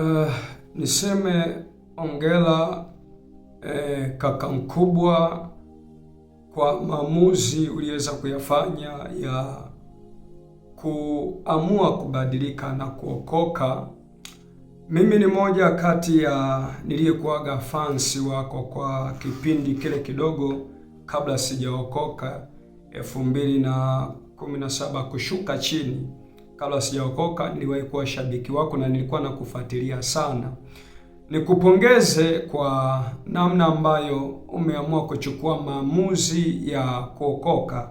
Uh, niseme ongela eh, kaka mkubwa kwa maamuzi uliweza kuyafanya ya kuamua kubadilika na kuokoka. Mimi ni moja kati ya niliyekuaga fansi wako kwa kipindi kile kidogo kabla sijaokoka elfu mbili na kumi na saba kushuka chini kabla sijaokoka niliwahi kuwa shabiki wako na nilikuwa nakufuatilia sana. Nikupongeze kwa namna ambayo umeamua kuchukua maamuzi ya kuokoka,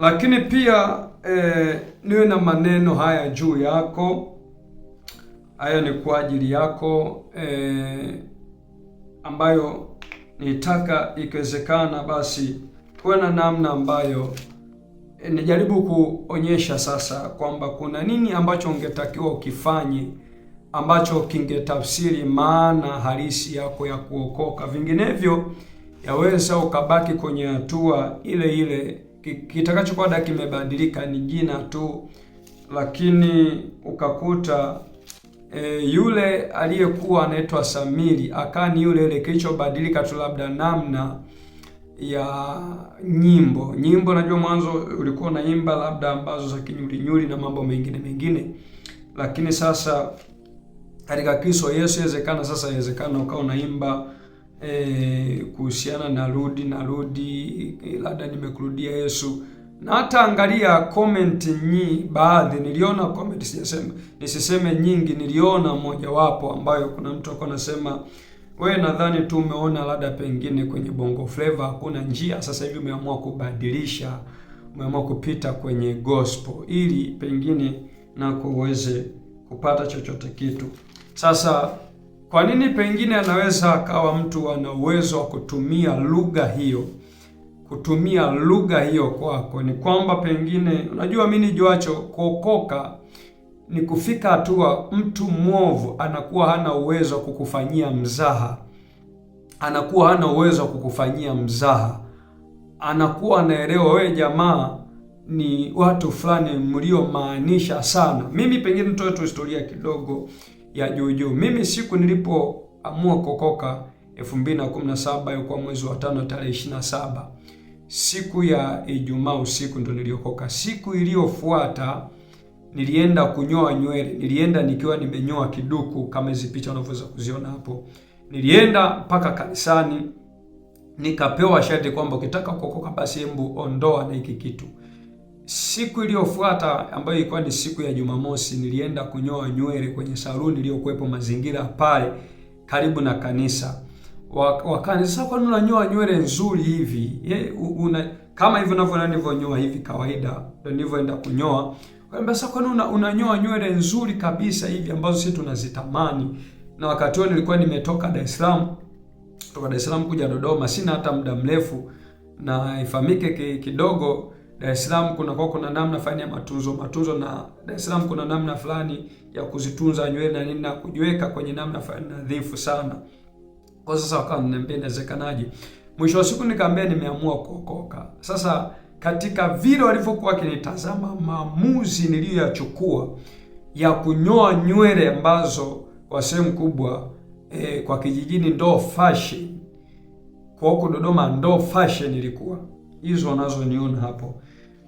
lakini pia eh, niwe na maneno haya juu yako. Haya ni kwa ajili yako eh, ambayo nitaka ikiwezekana basi kuwe na namna ambayo nijaribu kuonyesha sasa kwamba kuna nini ambacho ungetakiwa ukifanye ambacho kingetafsiri maana halisi yako ya kuokoka. Vinginevyo yaweza ukabaki kwenye hatua ile ile, kitakachokwenda kimebadilika ni jina tu, lakini ukakuta e, yule aliyekuwa anaitwa Samiri akaa ni yule ile, kilichobadilika tu labda namna ya nyimbo. Nyimbo najua mwanzo ulikuwa unaimba labda ambazo za kinyulinyuli na mambo mengine mengine, lakini sasa katika Kristo Yesu yawezekana sasa, yawezekana ukawa unaimba e, kuhusiana na rudi na rudi, eh, labda nimekurudia Yesu na hata angalia comment nyi baadhi, niliona comment, sijasema nisiseme nyingi, niliona mojawapo ambayo kuna mtu alikuwa anasema wewe nadhani tu umeona labda pengine kwenye Bongo flavor hakuna njia, sasa hivi umeamua kubadilisha, umeamua kupita kwenye gospel ili pengine nako uweze kupata chochote kitu. Sasa kwa nini pengine anaweza akawa mtu ana uwezo wa kutumia lugha hiyo kutumia lugha hiyo kwako? Ni kwamba pengine unajua, mimi nijuacho kuokoka ni kufika hatua mtu mwovu anakuwa hana uwezo wa kukufanyia mzaha, anakuwa hana uwezo wa kukufanyia mzaha, anakuwa anaelewa wewe jamaa ni watu fulani mliomaanisha sana. Mimi pengine nitoe tu historia kidogo ya juu juu. Mimi siku nilipoamua kokoka 2017 ilikuwa mwezi wa tano tarehe 27, siku ya Ijumaa usiku ndo niliokoka. Siku iliyofuata nilienda kunyoa nywele, nilienda nikiwa nimenyoa kiduku kama hizi picha unavyoweza kuziona hapo. Nilienda mpaka kanisani nikapewa shati kwamba ukitaka kuokoka basi hebu ondoa na hiki kitu. Siku iliyofuata ambayo ilikuwa ni siku ya Jumamosi, nilienda kunyoa nywele kwenye saluni iliyokuwepo mazingira pale karibu na kanisa. Wakanisa, kwani unanyoa nywele nzuri hivi? Ye, una, kama hivyo navyo nilivyonyoa hivi kawaida ndio nilivyoenda kunyoa kwamba sasa kwani una, unanyoa nywele nzuri kabisa hivi ambazo sisi tunazitamani. Na wakati huo nilikuwa nimetoka Dar es Salaam kutoka Dar es Salaam kuja Dodoma, sina hata muda mrefu, na ifahamike kidogo Dar es Salaam kuna kwa kuna namna fulani ya matunzo matunzo, na Dar es Salaam kuna namna fulani ya kuzitunza nywele na nini na kujiweka kwenye namna fulani nadhifu sana. Kwa sasa wakawa mnaniambia inawezekanaje? Mwisho wa siku nikaambia nimeamua kuokoka sasa katika vile walivyokuwa wakinitazama, maamuzi niliyoyachukua ya kunyoa nywele ambazo kwa sehemu kubwa e, kwa kijijini ndo fashion, kwa huko Dodoma ndo fashion ilikuwa hizo wanazoniona hapo.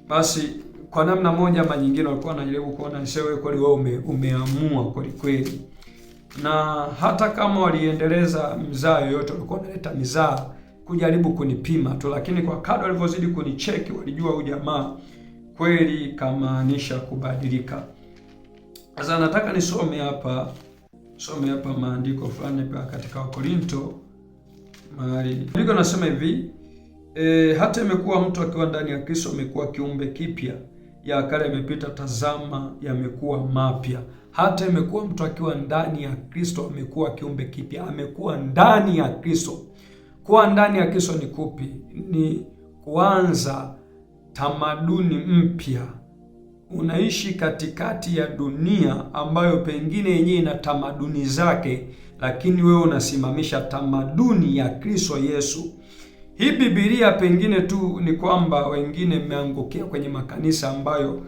Basi kwa namna moja ama nyingine walikuwa wanajaribu kuona sewe kweli wewe ume, umeamua kweli kweli, na hata kama waliendeleza mzaa yoyote walikuwa wanaleta mizaa kujaribu kunipima tu, lakini kwa kadri walivyozidi kunicheki walijua huyu jamaa kweli kamaanisha kubadilika. Sasa nataka nisome hapa, some hapa maandiko fulani katika Wakorinto mahali andiko nasema hivi e, hata imekuwa mtu akiwa ndani ya Kristo amekuwa kiumbe kipya, ya kale yamepita, tazama yamekuwa mapya. Hata imekuwa mtu akiwa ndani ya Kristo amekuwa kiumbe kipya, amekuwa ndani ya Kristo. Kuwa ndani ya Kristo ni kupi? Ni kuanza tamaduni mpya. Unaishi katikati ya dunia ambayo pengine yenyewe ina tamaduni zake, lakini wewe unasimamisha tamaduni ya Kristo Yesu. Hii Biblia pengine tu ni kwamba wengine mmeangukia kwenye makanisa ambayo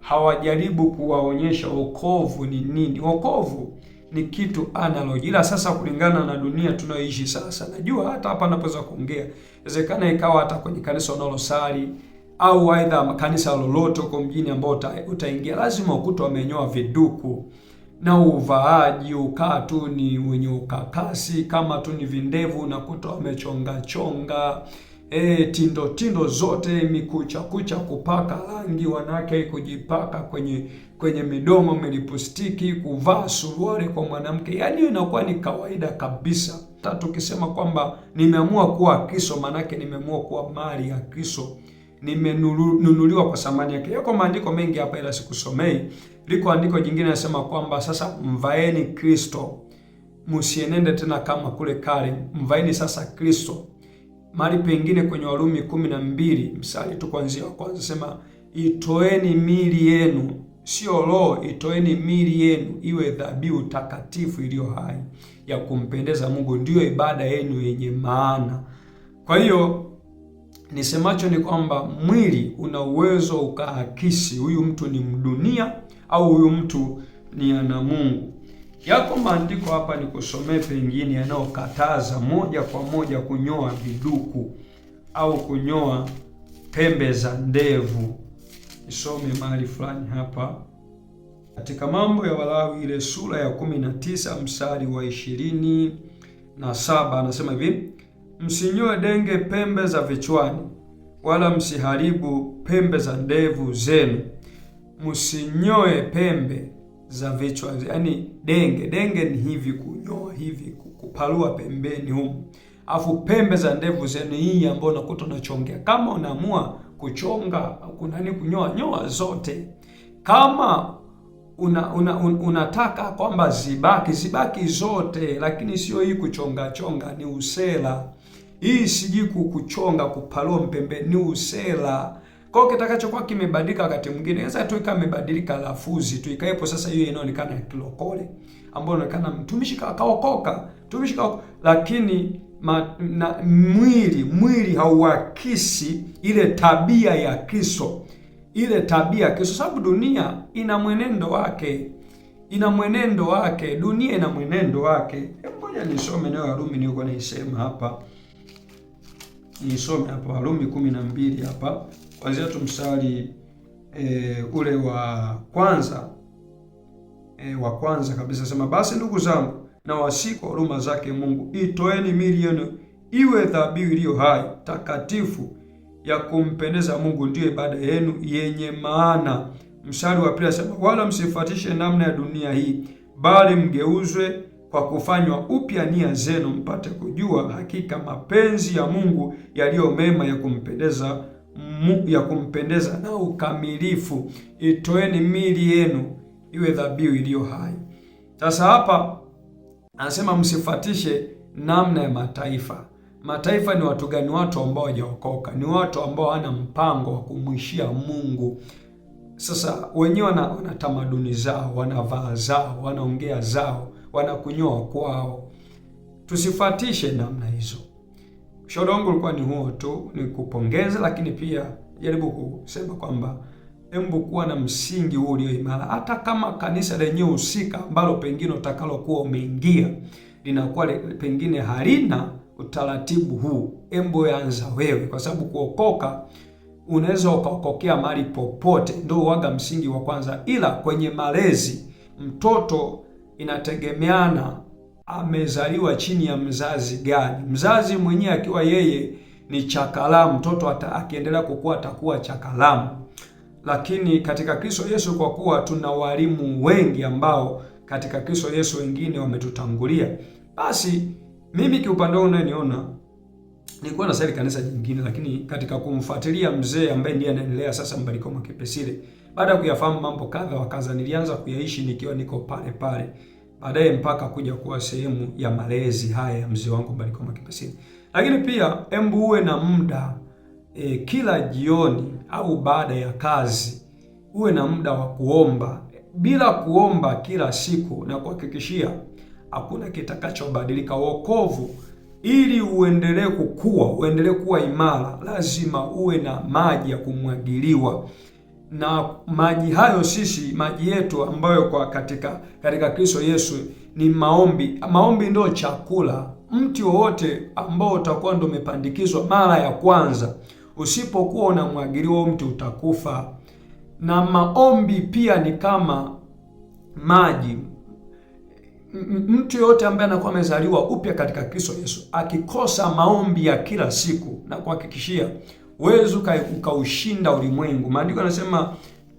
hawajaribu kuwaonyesha wokovu ni nini. Wokovu ni kitu analog, ila sasa kulingana na dunia tunayoishi sasa, najua hata hapa napoweza kuongea inawezekana ikawa hata kwenye kanisa unalosali au aidha kanisa lolote huko mjini ambao utaingia, lazima ukuta wamenyoa viduku na uvaaji ukaa tu ni wenye ukakasi, kama tu ni vindevu unakuta wamechonga chonga e, tindo tindo zote, mikucha kucha, kupaka rangi, wanawake kujipaka kwenye kwenye midomo, milipostiki, kuvaa suruali kwa mwanamke, yaani inakuwa ni kawaida kabisa. Tatu, ukisema kwamba nimeamua kuwa Kristo, maanake nimeamua kuwa mali ya Kristo, nimenunuliwa kwa thamani yake. Yako maandiko mengi hapa, ila sikusomei. Liko andiko jingine nasema kwamba sasa mvaeni Kristo, msienende tena kama kule kale, mvaeni sasa Kristo mahali pengine kwenye Warumi kumi na mbili mstari tu kuanzia kwanza, sema itoeni mili yenu, sio roho, itoeni mili yenu iwe dhabihu takatifu iliyo hai ya kumpendeza Mungu, ndiyo ibada yenu yenye maana. Kwa hiyo nisemacho ni kwamba mwili una uwezo ukaakisi huyu mtu ni mdunia au huyu mtu ni ana Mungu. Yako maandiko hapa ni kusomee pengine yanayokataza moja kwa moja kunyoa viduku au kunyoa pembe za ndevu. Nisome mahali fulani hapa katika Mambo ya Walawi ile sura ya 19 mstari wa ishirini na saba anasema hivi: msinyoe denge pembe za vichwani, wala msiharibu pembe za ndevu zenu, msinyoe pembe za vichwa, yani denge denge ni hivi kunyoa hivi kupalua pembeni huko, afu pembe za ndevu zenu hii ambayo unakuta unachongea. Kama unaamua kuchonga kunani, kunyoa nyoa zote, kama una, una, un, unataka kwamba zibaki zibaki zote, lakini sio hii kuchonga chonga, ni usela hii. Sijui kukuchonga kupalua mpembeni, ni usela kwa hiyo kitakachokuwa kimebadilika wakati mwingine, sasa tu ikawa imebadilika lafuzi tu ikaepo sasa hiyo inaonekana kilokole ambayo inaonekana mtumishi kaokoka, mtumishi kaokoka, lakini ma, na, mwili mwili hauakisi ile tabia ya Kristo, ile tabia ya Kristo, sababu dunia ina mwenendo wake, ina mwenendo wake, dunia ina mwenendo wake. Ngoja nisome neno la Rumi, niko naisema hapa, nisome hapa Warumi 12 hapa kwanzia tu mstari e, ule wa kwanza e, wa kwanza kabisa sema, basi ndugu zangu, na wasiku huruma zake Mungu, itoeni miili yenu iwe dhabihu iliyo hai takatifu ya kumpendeza Mungu, ndiyo ibada yenu yenye maana. Mstari wa pili asema, wala msifuatishe namna ya dunia hii, bali mgeuzwe kwa kufanywa upya nia zenu, mpate kujua hakika mapenzi ya Mungu yaliyo mema ya kumpendeza ya kumpendeza na ukamilifu, itoeni mili yenu iwe dhabihu iliyo hai. Sasa hapa anasema msifatishe namna ya mataifa. Mataifa ni watu gani? Watu ambao hawajaokoka, ni watu ambao hawana mpango wa kumwishia Mungu. Sasa wenyewe wana tamaduni zao, wanavaa zao, wanaongea zao, wanakunyoa kwao. Tusifatishe namna hizo ushauri wangu ulikuwa ni huo tu, ni kupongeza, lakini pia jaribu kusema kwamba hebu kuwa na msingi huo ulio imara, hata kama kanisa lenyewe husika ambalo pengine utakalokuwa umeingia linakuwa pengine halina utaratibu huu, embo yanza wewe, kwa sababu kuokoka unaweza ukaokokea mali popote, ndo waga msingi wa kwanza, ila kwenye malezi mtoto inategemeana amezaliwa chini ya mzazi gani. Mzazi mwenyewe akiwa yeye ni chakalamu, mtoto akiendelea kukua atakuwa chakalamu. Lakini katika Kristo Yesu, kwa kuwa tuna walimu wengi ambao katika Kristo Yesu wengine wametutangulia, basi mimi kiupande wangu unayeniona nilikuwa na sali kanisa jingine, lakini katika kumfuatilia mzee ambaye ndiye anaendelea sasa Mbariko Mwakipesile, baada ya kuyafahamu mambo kadha wa kadha, nilianza kuyaishi nikiwa niko pale pale baadaye mpaka kuja kuwa sehemu ya malezi haya ya mzee wangu Barikoma Mwakipesile. Lakini pia embu uwe na muda e, kila jioni au baada ya kazi uwe na muda wa kuomba. Bila kuomba kila siku, na kuhakikishia hakuna kitakachobadilika. Wokovu ili uendelee kukua, uendelee kuwa imara, lazima uwe na maji ya kumwagiliwa na maji hayo sisi maji yetu ambayo kwa katika katika Kristo Yesu ni maombi. Maombi ndio chakula. Mti wowote ambao utakuwa ndio umepandikizwa mara ya kwanza, usipokuwa unamwagiliwa mti utakufa. Na maombi pia ni kama maji. Mtu yoyote ambaye anakuwa amezaliwa upya katika Kristo Yesu akikosa maombi ya kila siku, na kuhakikishia huwezi ukaushinda ulimwengu. Maandiko yanasema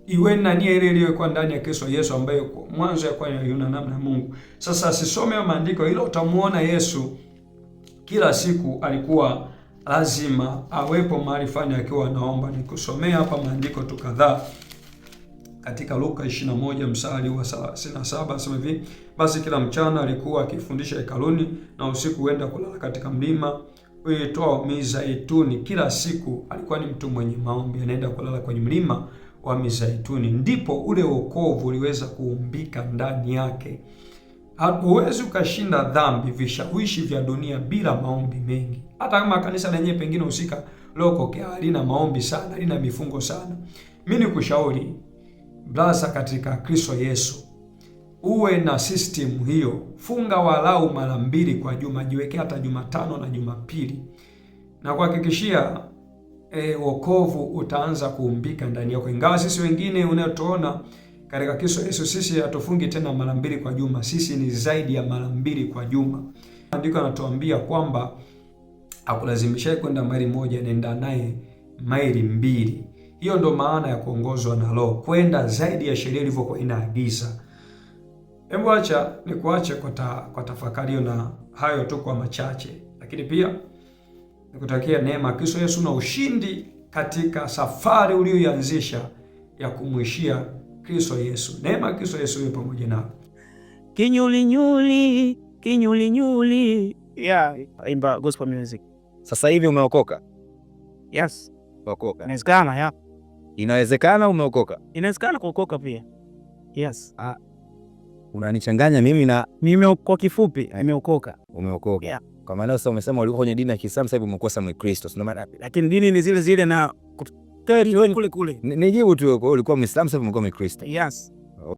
iweni na nia ile iliyokuwa ndani ya Kristo Yesu ambaye mwanzo ya kwani yuna namna Mungu. Sasa sisome hayo maandiko, ila utamuona Yesu kila siku alikuwa lazima awepo mahali fulani akiwa anaomba. Nikusomea hapa maandiko tu kadhaa katika Luka 21 msali wa 37, nasema hivi: basi kila mchana alikuwa akifundisha hekaluni na usiku huenda kulala katika mlima kuitoa Mizaituni, kila siku alikuwa ni mtu mwenye maombi, anaenda kulala kwenye mlima wa Mizaituni, ndipo ule wokovu uliweza kuumbika ndani yake. Huwezi ukashinda dhambi, vishawishi vya dunia bila maombi mengi. Hata kama kanisa lenyewe pengine husika lokokea halina maombi sana, halina mifungo sana, mimi nikushauri brasa katika Kristo Yesu uwe na system hiyo. Funga walau mara mbili kwa juma, jiwekea hata Jumatano na Jumapili, na kuhakikishia e, wokovu utaanza kuumbika ndani yako. Ingawa sisi wengine unayotuona katika Kristo Yesu, sisi hatufungi tena mara mbili kwa juma, sisi ni zaidi ya mara mbili kwa juma. Andiko anatuambia kwamba hakulazimishaye kwenda maili moja, nenda naye maili mbili. Hiyo ndo maana ya kuongozwa na Roho, kwenda zaidi ya sheria ilivyokuwa inaagiza. Hebu acha ni kuache kwa, ta, kwa tafakari na hayo tu kwa machache, lakini pia nikutakia neema Kristo Yesu na ushindi katika safari uliyoianzisha ya kumwishia Kristo Yesu. Neema Kristo Yesu iwe pamoja nao. Kinyulinyuli, kinyulinyuli. Yeah, imba gospel music. Sasa hivi umeokoka? Yes. Umeokoka. Inawezekana, yeah. Inawezekana umeokoka? Inawezekana kuokoka pia. Yes. Ah unanichanganya mimi na mimi. Kwa kifupi, nimeokoka. Umeokoka yeah. Kwa maana sasa umesema ulikuwa kwenye dini ya Kiislamu, sasa hivi umekosa sasa Mkristo, sio maana, lakini dini ni zile zile na kule kule. Nijibu tu, ulikuwa Muislamu, sasa hivi umekuwa Mkristo. Yes.